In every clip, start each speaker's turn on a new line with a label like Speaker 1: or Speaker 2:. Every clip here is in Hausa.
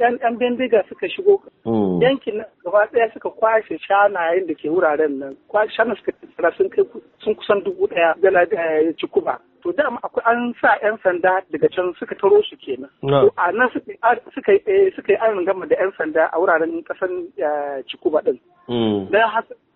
Speaker 1: 'yan bindiga suka shigo
Speaker 2: hmm. yankin
Speaker 1: gaba ɗaya suka kwashe shanayen da ke wuraren nan shanayen suka tsara sun kai sun kusan dubu ɗaya gala da cikuba to dama akwai an sa 'yan sanda daga can suka taro su kenan to a nan suka eh, yi an gama da 'yan sanda a wuraren ƙasan cikuba ɗin hmm. dan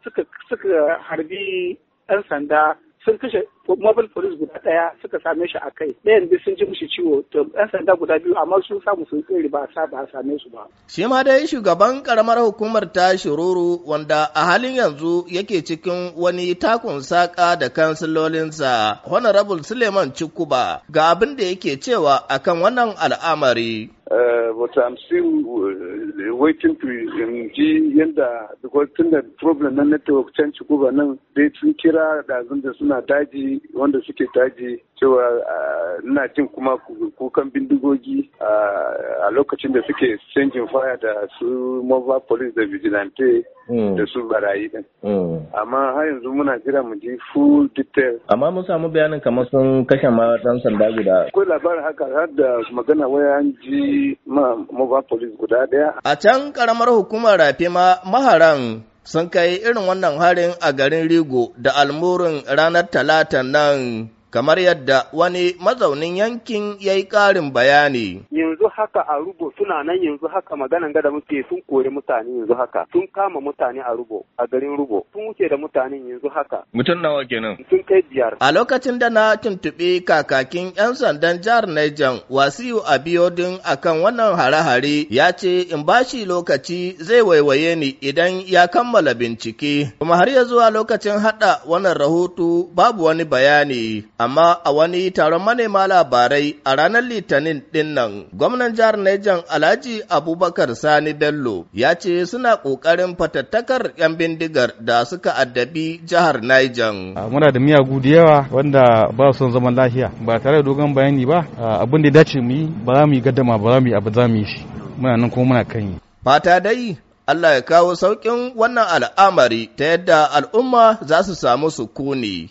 Speaker 1: suka harbi 'yan sanda sun kashe mobile police guda ɗaya suka same shi a kai ɗaya yanzu sun ji mushi ciwo to ɗan sanda guda biyu amma sun samu sun tsere ba sa ba a same su ba.
Speaker 3: shi ma dai shugaban karamar hukumar ta shiruru wanda a halin yanzu yake cikin wani takun saƙa da kansilolinsa honorable suleiman cikuba ga abin da yake cewa akan wannan al'amari.
Speaker 2: Eh, waiting to ji yadda da tun da problem na network can ci nan dai sun kira da da suna daji wanda suke daji cewa ina jin kuma kukan bindigogi a lokacin da suke canjin faya da su mobile police da vigilante hmm. da su barayi din hmm. amma har yanzu muna jira mu ji full detail
Speaker 3: amma mun samu bayanin kamar sun kashe ma dan sanda guda
Speaker 2: akwai labarin haka har da magana waya an ji ma mobile police guda daya
Speaker 3: a can karamar hukumar rafe ma maharan sun kai irin wannan harin a garin Rigo da almurin ranar talata nan kamar yadda wani mazaunin yankin ya yi ƙarin bayani.
Speaker 1: Yanzu haka a rubo suna nan yanzu haka maganan gada muke sun kori mutane yanzu haka sun kama mutane a rubo a garin rubo
Speaker 3: sun wuce da mutanen yanzu haka. Mutum nawa kenan? Sun kai biyar. A lokacin da na tuntuɓi kakakin 'yan sandan jihar Niger Wasiu Abiodun akan wannan hare-hare ya ce in bashi lokaci zai waiwaye ni idan ya kammala bincike. Kuma har ya zuwa lokacin haɗa wannan rahoto babu wani bayani. amma a wani taron manema labarai a ranar litinin nan, gwamnan jihar Niger Alhaji Abubakar Sani Bello ya ce suna ƙoƙarin fatattakar 'yan bindigar da suka addabi jihar Niger. Muna
Speaker 1: da miyagu da yawa wanda ba son zaman lafiya ba tare da dogon bayani ba abin da dace mu yi ba za mu yi gaddama ba za mu yi abu za mu yi shi muna nan kuma muna kan yi.
Speaker 3: Fata dai Allah ya kawo sauƙin wannan al'amari ta yadda al'umma za su samu sukuni.